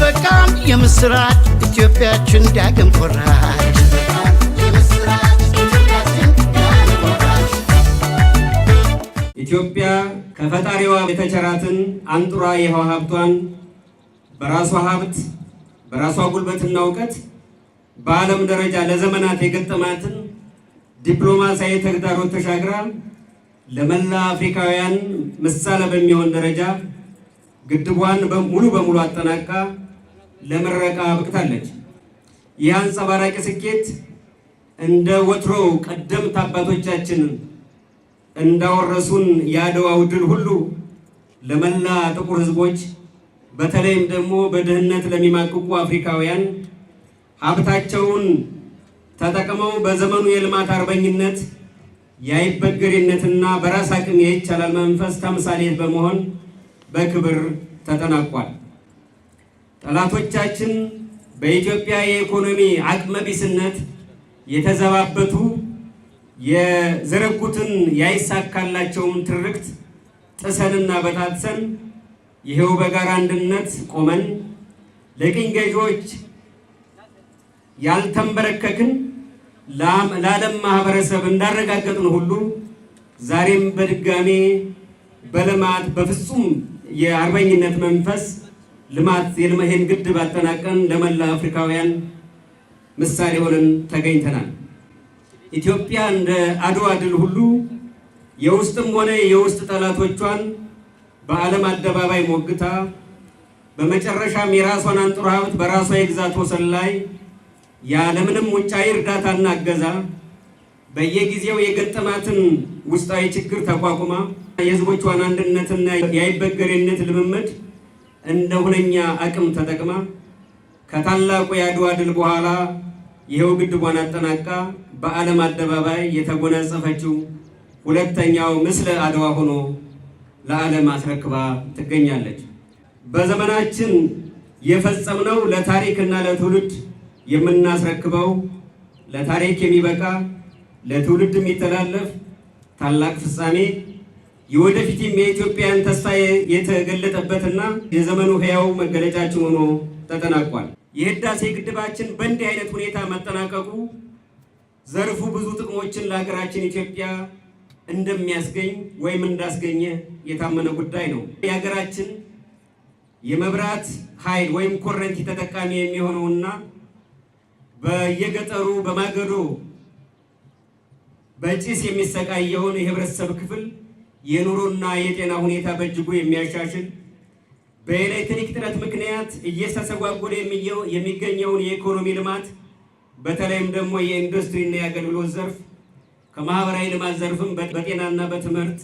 ሲበቃም የምስራች ኢትዮጵያችን ዳግም ኮራች። ኢትዮጵያ ከፈጣሪዋ የተቸራትን አንጡራ የውሃ ሀብቷን በራሷ ሀብት በራሷ ጉልበትና እውቀት በዓለም ደረጃ ለዘመናት የገጠማትን ዲፕሎማሲያዊ ተግዳሮት ተሻግራ ለመላ አፍሪካውያን ምሳሌ በሚሆን ደረጃ ግድቧን ሙሉ በሙሉ አጠናቃ ለምረቃ አብቅታለች። ይህ አንጸባራቂ ስኬት እንደ ወትሮው ቀደምት አባቶቻችን እንዳወረሱን የአድዋው ድል ሁሉ ለመላ ጥቁር ሕዝቦች በተለይም ደግሞ በድህነት ለሚማቅቁ አፍሪካውያን ሀብታቸውን ተጠቅመው በዘመኑ የልማት አርበኝነት የአይበገሬነትና በራስ አቅም የይቻላል መንፈስ ተምሳሌት በመሆን በክብር ተጠናቋል። ጠላቶቻችን በኢትዮጵያ የኢኮኖሚ አቅመቢስነት የተዘባበቱ የዘረጉትን ያይሳካላቸውን ትርክት ጥሰንና በታትሰን ይሄው በጋራ አንድነት ቆመን ለቅኝ ገዢዎች ያልተንበረከክን ለዓለም ማህበረሰብ እንዳረጋገጥን ሁሉ ዛሬም በድጋሜ በልማት በፍጹም የአርበኝነት መንፈስ ልማት የልመሄን ግድብ አጠናቀን ለመላ አፍሪካውያን ምሳሌ ሆነን ተገኝተናል። ኢትዮጵያ እንደ አድዋ ድል ሁሉ የውስጥም ሆነ የውስጥ ጠላቶቿን በዓለም አደባባይ ሞግታ በመጨረሻም የራሷን አንጥሮ ሀብት በራሷ የግዛት ወሰን ላይ ያለምንም ውጫዊ እርዳታና እገዛ በየጊዜው የገጠማትን ውስጣዊ ችግር ተቋቁማ የሕዝቦቿን አንድነትና የአይበገሬነት ልምምድ እንደ ሁነኛ አቅም ተጠቅማ ከታላቁ የአድዋ ድል በኋላ ይኸው ግድቧን አጠናቃ በዓለም አደባባይ የተጎናጸፈችው ሁለተኛው ምስለ አድዋ ሆኖ ለዓለም አስረክባ ትገኛለች። በዘመናችን የፈጸምነው ለታሪክና ለትውልድ የምናስረክበው ለታሪክ የሚበቃ ለትውልድ የሚተላለፍ ታላቅ ፍጻሜ የወደፊትም የኢትዮጵያን ተስፋ የተገለጠበትና የዘመኑ ሕያው መገለጫችን ሆኖ ተጠናቋል። የህዳሴ ግድባችን በእንዲህ አይነት ሁኔታ መጠናቀቁ ዘርፉ ብዙ ጥቅሞችን ለሀገራችን ኢትዮጵያ እንደሚያስገኝ ወይም እንዳስገኘ የታመነ ጉዳይ ነው። የሀገራችን የመብራት ኃይል ወይም ኮረንቲ ተጠቃሚ የሚሆነውና በየገጠሩ በማገዶ በጭስ የሚሰቃየውን የህብረተሰብ ክፍል የኑሮና የጤና ሁኔታ በእጅጉ የሚያሻሽል በኤሌክትሪክ ጥረት ምክንያት የሚየው የሚገኘውን የኢኮኖሚ ልማት በተለይም ደግሞ የኢንዱስትሪና የአገልግሎት ዘርፍ ከማህበራዊ ልማት ዘርፍም በጤናና በትምህርት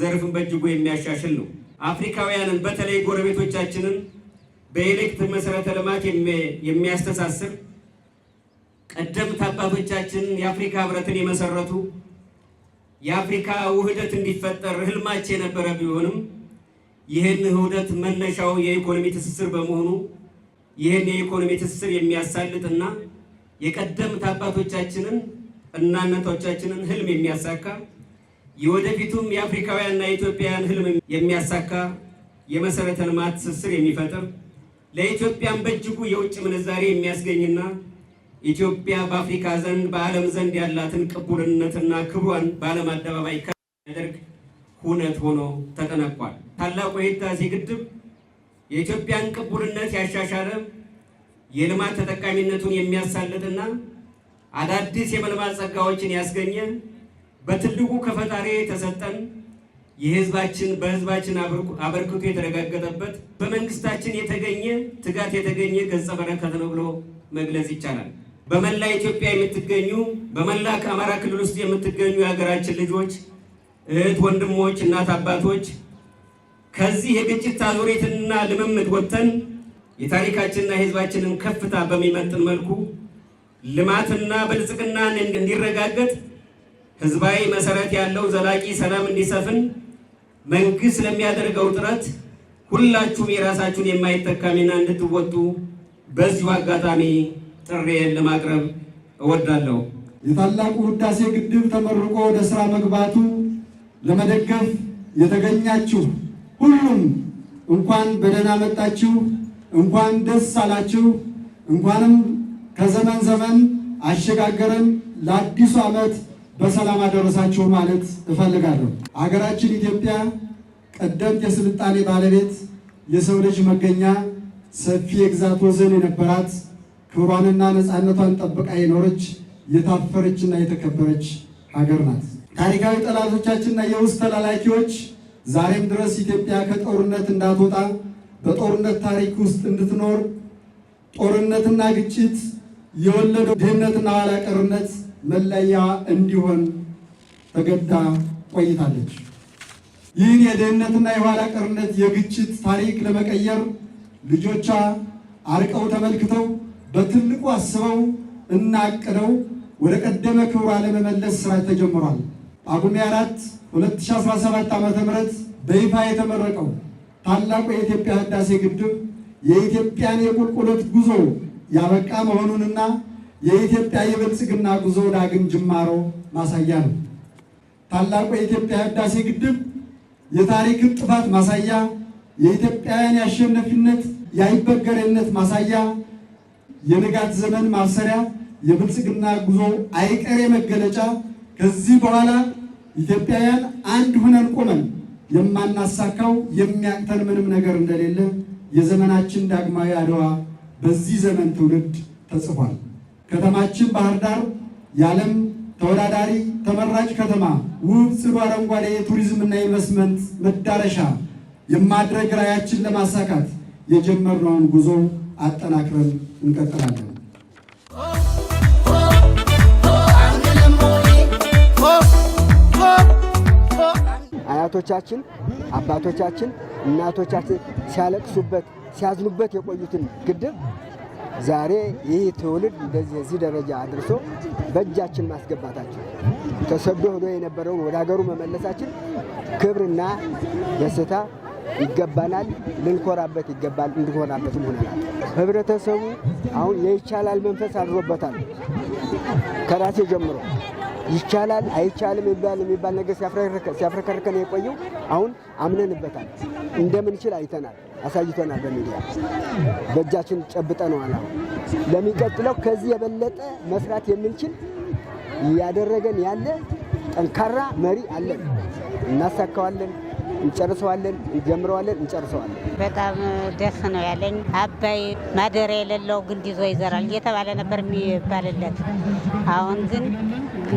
ዘርፍም በእጅጉ የሚያሻሽል ነው። አፍሪካውያንን በተለይ ጎረቤቶቻችንን በኤሌክትሪክ መሰረተ ልማት የሚያስተሳስር ቀደምት አባቶቻችን የአፍሪካ ህብረትን የመሰረቱ የአፍሪካ ውህደት እንዲፈጠር ህልማች የነበረ ቢሆንም ይህን ውህደት መነሻው የኢኮኖሚ ትስስር በመሆኑ ይህን የኢኮኖሚ ትስስር የሚያሳልጥና የቀደምት አባቶቻችንን እናቶቻችንን ህልም የሚያሳካ የወደፊቱም የአፍሪካውያንና የኢትዮጵያውያን ህልም የሚያሳካ የመሰረተ ልማት ትስስር የሚፈጥር ለኢትዮጵያም በእጅጉ የውጭ ምንዛሬ የሚያስገኝና ኢትዮጵያ በአፍሪካ ዘንድ በዓለም ዘንድ ያላትን ቅቡልነትና ክብሯን በዓለም አደባባይ ከፍ የሚያደርግ ሁነት ሆኖ ተጠነቋል። ታላቁ የህዳሴ ግድብ የኢትዮጵያን ቅቡልነት ያሻሻለ የልማት ተጠቃሚነቱን የሚያሳልጥና አዳዲስ የመልማት ጸጋዎችን ያስገኘ በትልቁ ከፈጣሪ የተሰጠን የህዝባችን በህዝባችን አበርክቶ የተረጋገጠበት በመንግስታችን የተገኘ ትጋት የተገኘ ገጸ በረከት ነው ብሎ መግለጽ ይቻላል። በመላ ኢትዮጵያ የምትገኙ በመላ ከአማራ ክልል ውስጥ የምትገኙ የሀገራችን ልጆች፣ እህት ወንድሞች፣ እናት አባቶች ከዚህ የግጭት አዙሪትና ልምምድ ወጥተን የታሪካችንና የሕዝባችንን ከፍታ በሚመጥን መልኩ ልማትና ብልጽግና እንዲረጋገጥ ሕዝባዊ መሰረት ያለው ዘላቂ ሰላም እንዲሰፍን መንግስት ለሚያደርገው ጥረት ሁላችሁም የራሳችሁን የማይተካ ሚና እንድትወጡ በዚሁ አጋጣሚ ጥሪዬን ለማቅረብ እወዳለሁ። የታላቁ ህዳሴ ግድብ ተመርቆ ወደ ስራ መግባቱ ለመደገፍ የተገኛችሁ ሁሉም እንኳን በደህና መጣችሁ፣ እንኳን ደስ አላችሁ፣ እንኳንም ከዘመን ዘመን አሸጋገረን ለአዲሱ ዓመት በሰላም አደረሳችሁ ማለት እፈልጋለሁ። አገራችን ኢትዮጵያ ቀደምት የስልጣኔ ባለቤት የሰው ልጅ መገኛ ሰፊ የግዛት ወሰን የነበራት ክብሯንና ነፃነቷን ጠብቃ የኖረች የታፈረችና የተከበረች ሀገር ናት። ታሪካዊ ጠላቶቻችንና የውስጥ ተላላኪዎች ዛሬም ድረስ ኢትዮጵያ ከጦርነት እንዳትወጣ በጦርነት ታሪክ ውስጥ እንድትኖር ጦርነትና ግጭት የወለደው ድህነትና ኋላቀርነት መለያ እንዲሆን ተገዳ ቆይታለች። ይህን የድህነትና የኋላቀርነት የግጭት ታሪክ ለመቀየር ልጆቿ አርቀው ተመልክተው በትልቁ አስበው እና አቅደው ወደ ቀደመ ክብሯ ለመመለስ ስራ ተጀምሯል። ጳጉሜ 4 2017 ዓ.ም በይፋ የተመረቀው ታላቁ የኢትዮጵያ ህዳሴ ግድብ የኢትዮጵያን የቁልቁለት ጉዞ ያበቃ መሆኑንና የኢትዮጵያ የብልጽግና ጉዞ ዳግም ጅማሮ ማሳያ ነው። ታላቁ የኢትዮጵያ ህዳሴ ግድብ የታሪክን ጥፋት ማሳያ፣ የኢትዮጵያውያን የአሸናፊነት፣ የአይበገሬነት ማሳያ የንጋት ዘመን ማሰሪያ የብልጽግና ጉዞ አይቀሬ መገለጫ። ከዚህ በኋላ ኢትዮጵያውያን አንድ ሁነን ቆመን የማናሳካው የሚያቅተን ምንም ነገር እንደሌለ የዘመናችን ዳግማዊ አድዋ በዚህ ዘመን ትውልድ ተጽፏል። ከተማችን ባህር ዳር የዓለም ተወዳዳሪ ተመራጭ ከተማ፣ ውብ ጽዱ፣ አረንጓዴ የቱሪዝምና የኢንቨስትመንት መዳረሻ የማድረግ ራዕያችን ለማሳካት የጀመርነውን ጉዞ አጠናክረን እንቀጥላለን። አያቶቻችን፣ አባቶቻችን፣ እናቶቻችን ሲያለቅሱበት ሲያዝኑበት የቆዩትን ግድብ ዛሬ ይህ ትውልድ እንደዚህ እዚህ ደረጃ አድርሶ በእጃችን ማስገባታችን ተሰዶ ሆኖ የነበረውን ወደ ሀገሩ መመለሳችን ክብርና ደስታ ይገባናል፣ ልንኮራበት ይገባል፣ እንድንኮራበትም ሆነናል። ህብረተሰቡ አሁን የይቻላል መንፈስ አድሮበታል። ከራሴ ጀምሮ ይቻላል አይቻልም የሚባል የሚባል ነገር ሲያፍረከርከን የቆየው አሁን አምነንበታል። እንደምንችል አይተናል፣ አሳይተናል። በሚዲያ በእጃችን ጨብጠነዋል። አሁን ለሚቀጥለው ከዚህ የበለጠ መስራት የምንችል እያደረገን ያለ ጠንካራ መሪ አለን። እናሳካዋለን። እንጨርሰዋለን፣ እንጀምረዋለን፣ እንጨርሰዋለን። በጣም ደስ ነው ያለኝ። አባይ ማደሪያ የሌለው ግንድ ይዞ ይዘራል እየተባለ ነበር የሚባልለት። አሁን ግን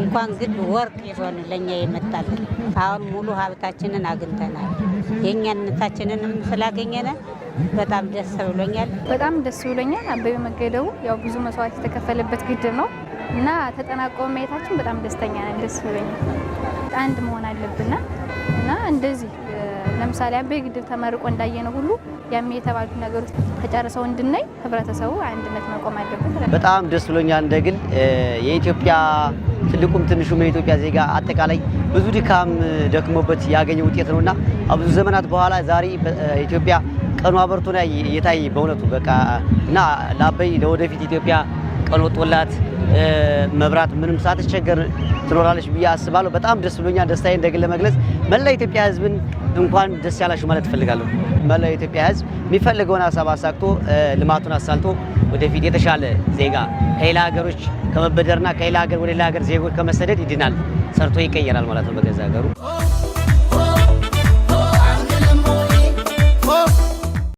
እንኳን ግን ወርቅ ይዞን ለእኛ የመጣልን አሁን ሙሉ ሀብታችንን አግኝተናል። የእኛነታችንንም ስላገኘነ በጣም ደስ ብሎኛል። በጣም ደስ ብሎኛል። አባይ መገደቡ ያው ብዙ መስዋዕት የተከፈለበት ግድብ ነው እና ተጠናቆ ማየታችን በጣም ደስተኛ ነን። ደስ ብሎኛል። አንድ መሆን አለብና እንደዚህ ለምሳሌ አባይ ግድብ ተመርቆ እንዳየነው ሁሉ ያም የተባሉ ነገሮች ተጨርሰው እንድናይ ህብረተሰቡ አንድነት መቆም አለበት። በጣም ደስ ብሎኛል። ግል የኢትዮጵያ ትልቁም ትንሹም የኢትዮጵያ ዜጋ አጠቃላይ ብዙ ድካም ደክሞበት ያገኘ ውጤት ነውና ብዙ ዘመናት በኋላ ዛሬ ኢትዮጵያ ቀኑ አበርቶ ላይ የታይ በእውነቱ በቃ እና ለአባይ ለወደፊት ኢትዮጵያ ቀን መብራት ምንም ሳትቸገር ትኖራለች ብዬ አስባለሁ። በጣም ደስ ብሎኛል። ደስታዬ እንደግል ለመግለጽ መላ ኢትዮጵያ ህዝብን እንኳን ደስ ያላችሁ ማለት እፈልጋለሁ። መላ ኢትዮጵያ ህዝብ የሚፈልገውን ሀሳብ አሳክቶ ልማቱን አሳልቶ ወደፊት የተሻለ ዜጋ ከሌላ ሀገሮች ከመበደርና ከሌላ ሀገር ወደ ሌላ ሀገር ዜጎች ከመሰደድ ይድናል፣ ሰርቶ ይቀየራል ማለት ነው በገዛ ሀገሩ